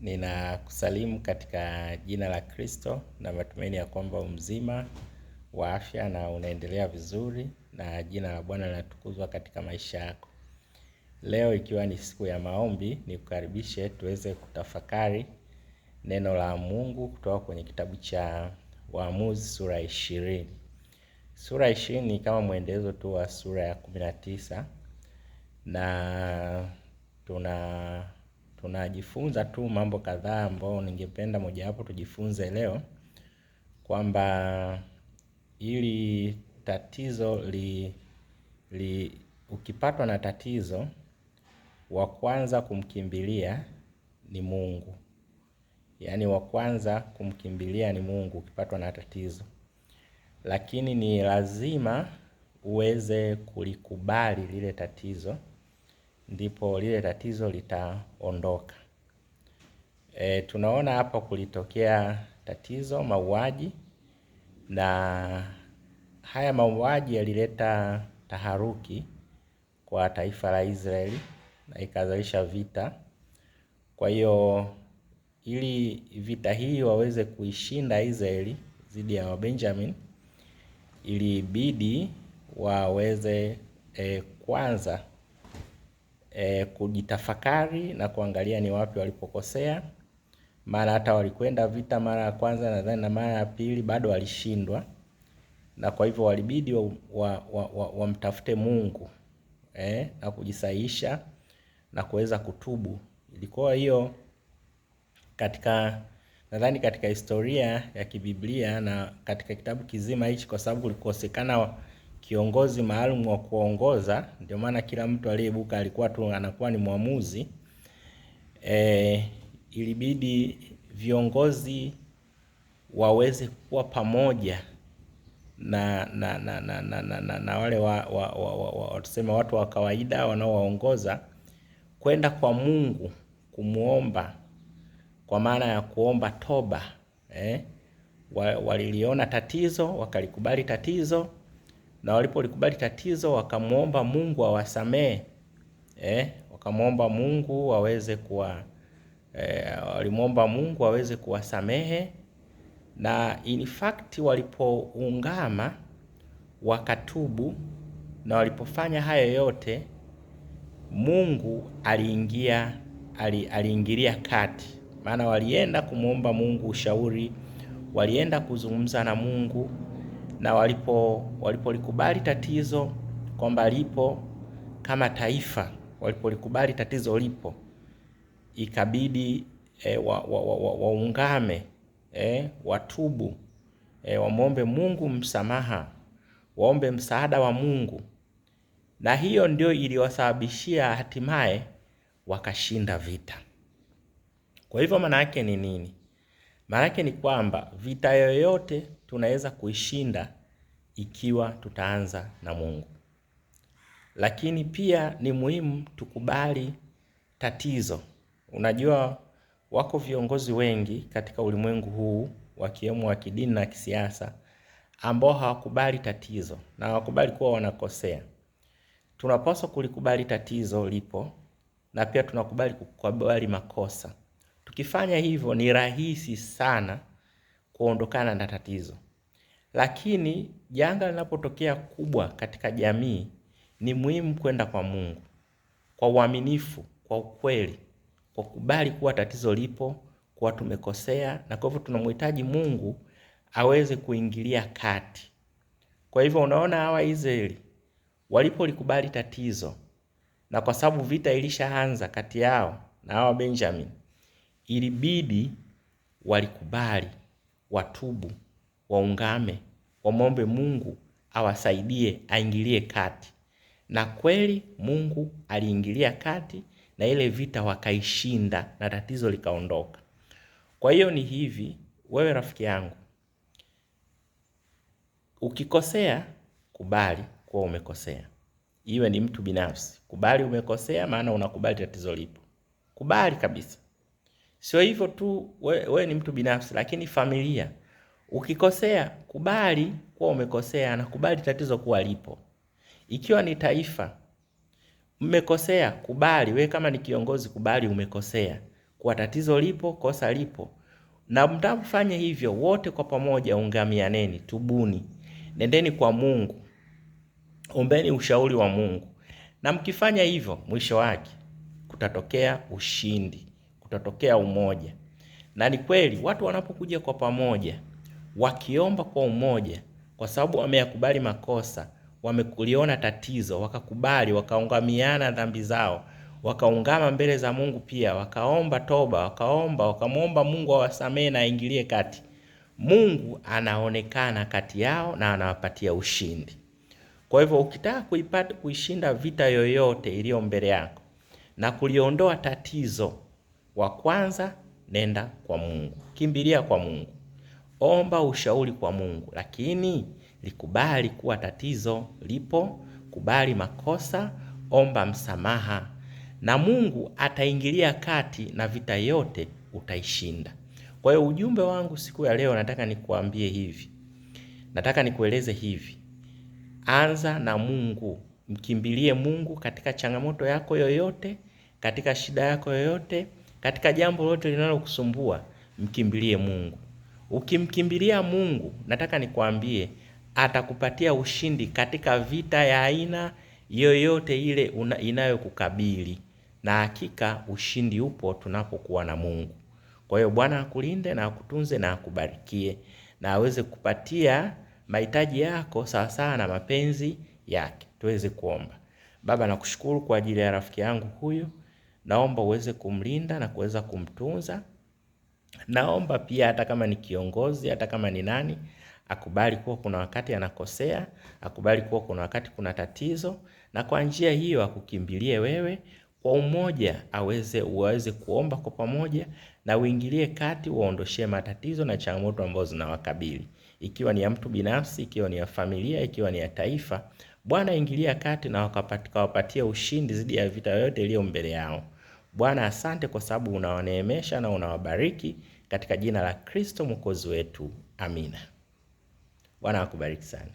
Ninakusalimu katika jina la Kristo na matumaini ya kwamba umzima wa afya na unaendelea vizuri na jina la Bwana linatukuzwa katika maisha yako. Leo ikiwa ni siku ya maombi, nikukaribishe tuweze kutafakari neno la Mungu kutoka kwenye kitabu cha Waamuzi sura ishirini. Sura ishirini ni kama mwendelezo tu wa sura ya kumi na tisa na tuna tunajifunza tu mambo kadhaa ambayo ningependa mojawapo tujifunze leo kwamba ili tatizo li, li ukipatwa na tatizo wa kwanza kumkimbilia ni Mungu. Yaani wa kwanza kumkimbilia ni Mungu ukipatwa na tatizo. Lakini ni lazima uweze kulikubali lile tatizo ndipo lile tatizo litaondoka. E, tunaona hapa kulitokea tatizo mauaji, na haya mauaji yalileta taharuki kwa taifa la Israeli na ikazalisha vita. Kwa hiyo ili vita hii waweze kuishinda Israeli dhidi ya Wabenjamin, ilibidi waweze e, kwanza e, kujitafakari na kuangalia ni wapi walipokosea. Mara hata walikwenda vita mara ya kwanza nadhani na mara ya pili bado walishindwa, na kwa hivyo walibidi wamtafute wa, wa, wa, wa Mungu e, na kujisaisha na kuweza kutubu. Ilikuwa hiyo katika nadhani katika historia ya kibiblia na katika kitabu kizima hichi, kwa sababu kulikosekana kiongozi maalum wa kuongoza. Ndio maana kila mtu aliyeibuka alikuwa tu anakuwa ni mwamuzi. E, ilibidi viongozi waweze kuwa pamoja na, na, na, na, na, na, na, na wale wa, wa, wa, wa, tuseme watu wa kawaida wanaowaongoza kwenda kwa Mungu kumuomba, kwa maana ya kuomba toba eh. Waliliona tatizo wakalikubali tatizo na walipolikubali tatizo wakamwomba Mungu awasamee wa eh, wakamwomba Mungu aweze kuwa eh, walimwomba Mungu waweze kuwasamehe na in fact walipoungama wakatubu na walipofanya hayo yote Mungu aliingia ali, aliingilia kati, maana walienda kumwomba Mungu ushauri, walienda kuzungumza na Mungu na walipo walipolikubali tatizo kwamba lipo kama taifa, walipolikubali tatizo lipo, ikabidi e, eh, waungame wa, wa, wa e, watubu e, wamwombe Mungu msamaha, waombe msaada wa Mungu, na hiyo ndio iliwasababishia hatimaye wakashinda vita. Kwa hivyo maana yake ni nini? Maana yake ni kwamba vita yoyote tunaweza kuishinda ikiwa tutaanza na Mungu. Lakini pia ni muhimu tukubali tatizo. Unajua, wako viongozi wengi katika ulimwengu huu wakiwemo wa kidini na kisiasa ambao hawakubali tatizo na hawakubali kuwa wanakosea. Tunapaswa kulikubali tatizo lipo na pia tunakubali kukubali makosa. Tukifanya hivyo, ni rahisi sana kuondokana na tatizo. Lakini janga linapotokea kubwa katika jamii, ni muhimu kwenda kwa Mungu kwa uaminifu, kwa ukweli, kwa kubali kuwa tatizo lipo, kuwa tumekosea, na kwa hivyo tunamhitaji Mungu aweze kuingilia kati. Kwa hivyo unaona hawa Israeli walipolikubali tatizo, na kwa sababu vita ilishaanza kati yao na hawa Benjamin, ilibidi walikubali, watubu, waungame wamwombe Mungu awasaidie, aingilie kati, na kweli Mungu aliingilia kati na ile vita wakaishinda na tatizo likaondoka. Kwa hiyo ni hivi, wewe rafiki yangu, ukikosea kubali kuwa umekosea, iwe ni mtu binafsi, kubali umekosea, maana unakubali tatizo lipo, kubali kabisa. Sio hivyo tu, wewe we ni mtu binafsi, lakini familia Ukikosea kubali kuwa umekosea na kubali tatizo kuwa lipo. Ikiwa ni taifa mmekosea, kubali. We kama ni kiongozi, kubali umekosea, kuwa tatizo lipo, kosa lipo, na mtafanya hivyo wote kwa pamoja, ungamianeni, tubuni, nendeni kwa Mungu, ombeni ushauri wa Mungu, na mkifanya hivyo, mwisho wake kutatokea ushindi, kutatokea umoja. Na ni kweli watu wanapokuja kwa pamoja wakiomba kwa umoja, kwa sababu wameyakubali makosa, wamekuliona tatizo, wakakubali, wakaungamiana dhambi zao, wakaungama mbele za Mungu, pia wakaomba toba, wakaomba, wakamwomba Mungu awasamehe na aingilie kati. Mungu anaonekana kati yao na anawapatia ushindi. Kwa hivyo ukitaka kuipata kuishinda vita yoyote iliyo mbele yako na kuliondoa tatizo, wa kwanza nenda kwa Mungu, kimbilia kwa Mungu omba ushauri kwa Mungu, lakini likubali kuwa tatizo lipo, kubali makosa, omba msamaha, na Mungu ataingilia kati na vita yote utaishinda. Kwa hiyo ujumbe wangu siku ya leo, nataka nikuambie hivi, nataka nikueleze hivi, anza na Mungu, mkimbilie Mungu katika changamoto yako yoyote, katika shida yako yoyote, katika jambo lolote linalokusumbua, mkimbilie Mungu. Ukimkimbilia Mungu, nataka nikwambie, atakupatia ushindi katika vita ya aina yoyote ile inayokukabili, na hakika ushindi upo tunapokuwa na Mungu. Kwa hiyo Bwana akulinde na akutunze na akubarikie na aweze kupatia mahitaji yako sawasawa na mapenzi yake. Tuweze kuomba. Baba, nakushukuru kwa ajili ya rafiki yangu huyu, naomba uweze kumlinda na kuweza kumtunza Naomba pia hata kama ni kiongozi, hata kama ni nani, akubali kuwa kuna wakati anakosea, akubali kuwa kuna wakati kuna tatizo, na kwa njia hiyo akukimbilie wewe kwa umoja, aweze uweze kuomba kwa pamoja, na uingilie kati, uwaondoshie matatizo na changamoto ambazo zinawakabili, ikiwa ni ya mtu binafsi, ikiwa ni ya familia, ikiwa ni ya taifa. Bwana, ingilia kati na wakapatia ushindi dhidi ya vita yote iliyo mbele yao. Bwana, asante kwa sababu unawaneemesha na unawabariki katika jina la Kristo Mwokozi wetu, amina. Bwana akubariki sana.